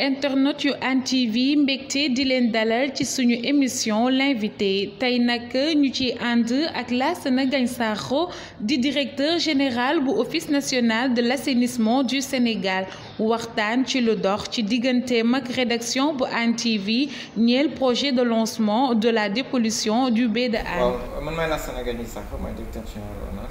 internet yu ANTV, TV di len dalal ci suñu émission l'invité tay nak ñu ci and ak Lassana di directeur général bu office national de l'assainissement du Sénégal waxtaan ci lu dox ci digganteem mak rédaction bu NTV ñël le projet de lancement de la dépollution du baie de A. Lassana directeur général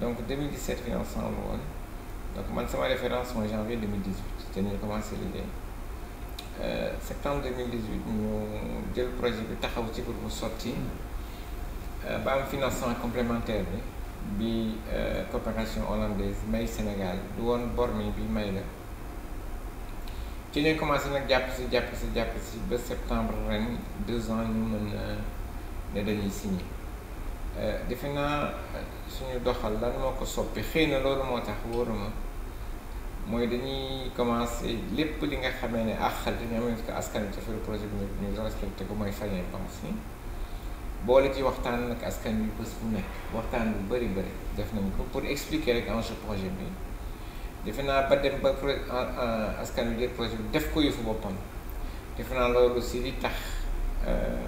donc 2017 vient ensemble donc man ma référence en janvier 2018 euh, te ñu commencé l'idée. septembre 2018 nous, jël projet bi taxaw ci pour mu sortir. un euh, financement complémentaire bi euh, coopération hollandaise mais Sénégal douane woon bor mi bi may commencé nag jàpp si jàpp si septembre ren deux ans nous mën euh, signé Eh, defe naa eh, suñu doxal lan moo ko soppi xëy na loolu moo tax wóoruma mooy dañuy commencé lépp li nga xamee ne àq dañu amee ko askan wi ci projet bi ñu ñu respecté ko mooy fañee pense ni boole ci waxtaan nag askan wi bés bu nekk waxtaan bu bëri bëri def nañ ko pour expliquer rek enjeu projet bi defe naa ba dem ba pro askan wi jël projet bi def ko yëfu boppam defe loolu si li tax. Eh,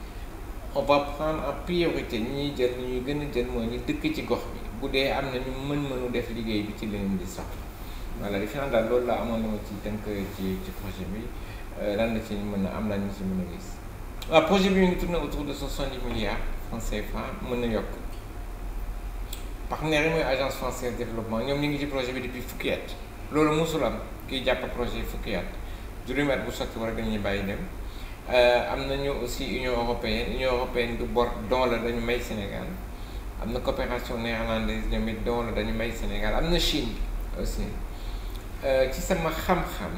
on va prendre en priorité ni jël ñi ñuy gën jël mooy ñu dëkk ci gox bi bu dee am na ñu mën-mënu def liggéey bi ci leneen di sax voilà defe naa daal loolu laa amoon ci tënk ci ci projet bi euh, lan la ci mën a am lan ci mën a gis waaw projet bi ñu ngi tourné autour de soixante dix milliards francs CFA mën na yokk partenaires yi mooy agence française développement ñoom ñu ngi ci projet bi depuis fukki at loolu musul am kiy jàpp projet fukki at juróomi at bu sotti war a dañuy bàyyi dem Euh, am nañu aussi union européenne union européenne du bor don dañu may Sénégal am na coopération néerlandaise ñoom it don la dañu may Sénégal am na Chine aussi euh, ci sama xam-xam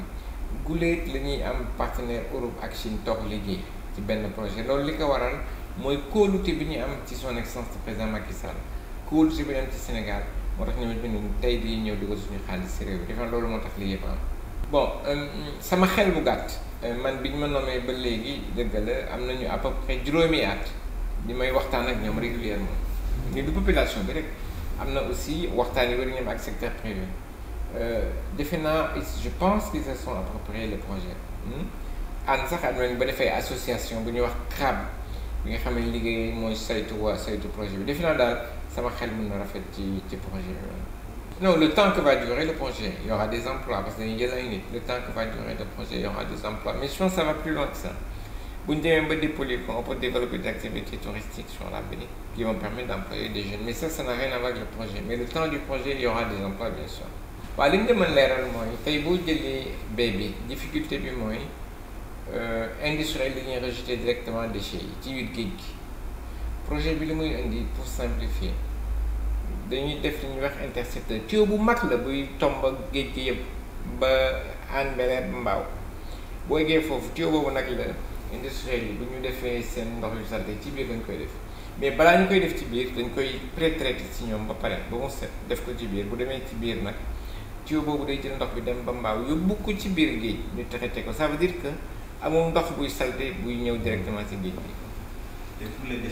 guléet la ñuy am partenaire Europe ak Chine toog liggéey ci benn projet loolu li ko waral mooy kóolute bi ñu am ci son excellence du président Macky Sall kóolute bi ñu ci Sénégal moo tax ñoom it ñu tey di ñëw di ko suñu xaalis réew bi defe loolu moo tax lii yëpp am bon euh, sama xel bu gàtt. Euh, man bi ma nommé ba léegi dëgg la am nañu à peu près juróomi at li may waxtaan ak ñoom régulièrement ni du population bi rek am na aussi waxtaan yu bëri ñoom ak secteur privé euh, defe naa je pense qu'ils se sont approprié le projet ànd hmm? sax am nañu ba defee association bu ñuy wax CRAB bi nga xam ne liggéey mooy saytu waa saytu projet bi defe naa daal sama xel mën na rafet ci ci projet bi non, le temps que va durer le projet, il y aura des emplois, parce qu'il y a le temps que va durer le projet, il y aura des emplois. Mais je pense ça va plus loin que ça. Vous un peu on peut développer des activités touristiques sur la baie qui vont permettre d'employer des jeunes. Mais ça, ça n'a rien à voir avec le projet. Mais le temps du projet, il y aura des emplois, bien sûr. Par li bébés. difficulté du mooy euh, industriel rejeté directement déchets yi projet pour simplifier dañuy def li ñuy wax intercepteur tuyau bu mag la buy tomb géej gi yëpp ba an beneen mbaaw boo eggee foofu tuyau boobu nag la industriel yi bu ñu defee seen ndox yu salte ci biir dañ koy def mais balaa ñu koy def ci biir dañ koy pré-traité ci ñoom ba pare ba mu set def ko ci biir bu demee ci biir nag tuyau boobu day jël ndox bi dem ba mbaaw yóbbu ko ci biir géej ñu traité ko ça veut dire que amul ndox buy salte buy ñëw directement ci géej bi.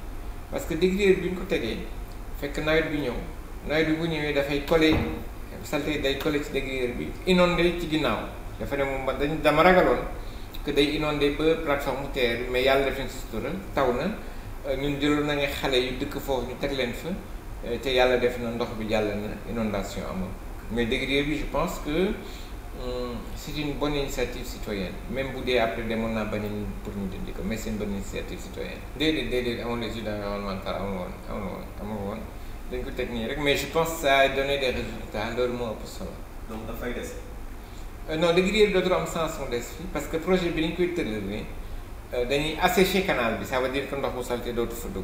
parce que dégrilleur bi ñu ko tegee fekk nawet bi ñëw nawet bi bu ñëwee dafay collé saleté day collé ci dégrilleur bi inondé ci ginnaaw dafa ne moom dañ dama ragaloon que day inondé ba plateforme terre bi mais yàlla def na si sutura taw na ñun jëloon nañu xale yu dëkk foofu ñu teg leen fa te yàlla def na ndox bi jàll na inondation amul mais dégrilleur bi je pense que Hmm, c'est une bonne initiative citoyenne même pour des après des naa beneen pour nous dire que mais c'est une bonne initiative citoyenne Dès les amoon étude on amul woon amul woon amul woon dañ mais je pense ça a donné des résultats loolu moo ëpp donc donc dafay des. Euh, non les grilles de drame sens son esprit parce que projet bi dañ koy tëral euh, ni assécher canal bi ça veut dire qu'on ndox salter d'autres choses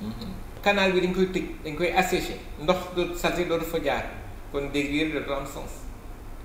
Le canal bi dañ koy tëj dañ koy assécher ndox dootu salte dootu fa jaar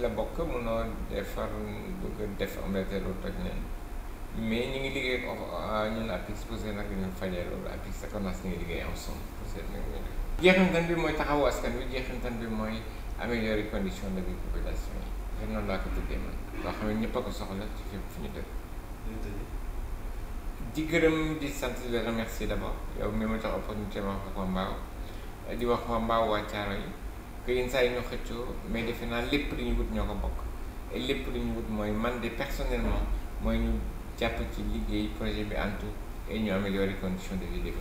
la bokk mënoo defar bëgg def embêté toj neen mais ñu ngi liggéey ah, ñun APIX pour seen ak ñun fajee loolu APIX sa CONAS ñu ngi liggéey ensemble pour seen ak ñun bi mooy taxawu askan bi jeexintan bi mooy améliorer condition de vie population yi def noonu laa ko tuddee man loo xam ne ñëpp a ko soxla ci fépp fu ñu dëkk di gërëm di sat di la remercier d'abord yow mi ma tax opportunité ma wax ak Mbaaw di wax waa Mbaaw waa Thiaroye yi que yenn saa yi ñu xëccoo mais defe naa lépp lu ñu wut ñoo ko bokk et lépp lu ñu wut mooy man de personnellement mooy ñu jàpp ci liggéey projet bi en tout et ñu améliorer conditions de vie des